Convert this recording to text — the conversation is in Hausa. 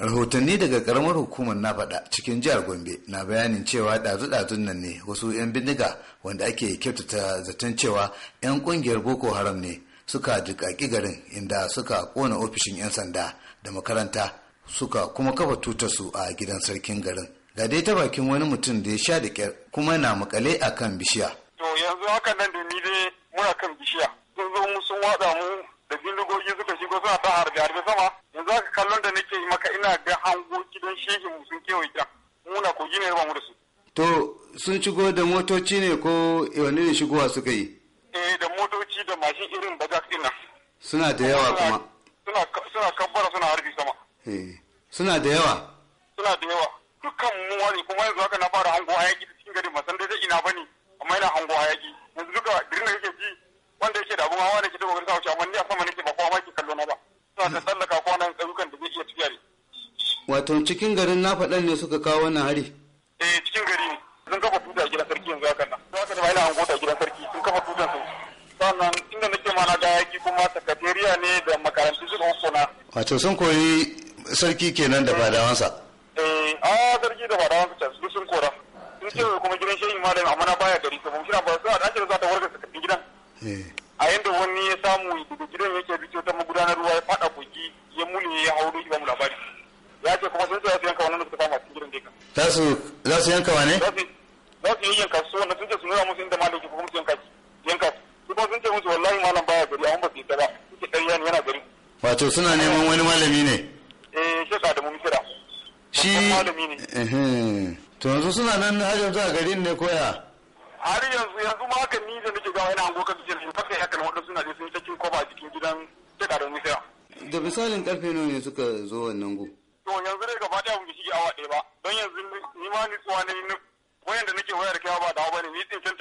rahotanni daga karamar hukumar na faɗa cikin jihar gombe na bayanin cewa ɗazu-ɗazun nan ne wasu 'yan bindiga wanda ake kyautata zaton cewa 'yan ƙungiyar boko haram ne suka jiƙaƙi garin inda suka kona ofishin 'yan sanda da makaranta suka kuma kafa tutarsu a gidan sarkin garin ga dai ta bakin wani mutum da ya sha da ƙyar kuma na makale a kan bishiya. to yanzu haka nan da ni dai muna kan bishiya sun zo mu sun waɗa mu da bindigogi suka shigo suna ta harbe-harbe sama wanda nake yi maka ina ga hango gidan shehin sun kewaye gidan muna kogi ne ba mu da su. To sun shigo da motoci ne ko wani ne shigowa suka yi? Eh da motoci da mashin irin bajak ɗin nan. Suna da yawa kuma. Suna suna kabbara suna harbi sama. Eh, suna da yawa. Suna da yawa. Dukkan mu wani kuma yanzu haka na fara hango hayaki cikin gari ba san dai ina bane amma ina hango hayaki yanzu duka girin da kake ji wanda yake da abun hawa da ke da gobe sa wuce amma ni a sama nake ba kowa ma ke kallo na ba. Suna ta wato cikin garin na faɗan ne suka kawo wannan hari eh cikin gari sun kafa tuta gidan sarki yanzu haka nan za ka ba ina an gota gidan sarki sun kafa tutan su sannan inda nake mana ga yaki kuma sakatariya ne da makarantu suka hukuna wato sun koyi sarki kenan da fadawansa eh a sarki da fadawansa su sun kora sun ce kuma gidan shehi malami amma na baya gari to shi na ba su a dace za ta warga sakatin gidan eh. za su za su yanka wane za su yi yanka su wanda sun ce su nuna musu inda malaki ko musu yanka yanka su ba sun ce musu wallahi malam baya gari amma ba su yi ta ba su ɗariya ne yana gari wato suna neman wani malami ne eh shi sa da mu misira shi malami ne to yanzu suna nan na yanzu zuwa garin ne koya har yanzu yanzu ma haka ni da nake gawa ina an goka jiya shi haka haka wanda suna je sun yi ta cin koba a cikin gidan da da misira da misalin karfe nawa ne suka zo wannan go to yanzu dai don yanzu ni ma ni tsuwa ne ni wayan da nake wayar kyawa ba dawo bane ni tsinken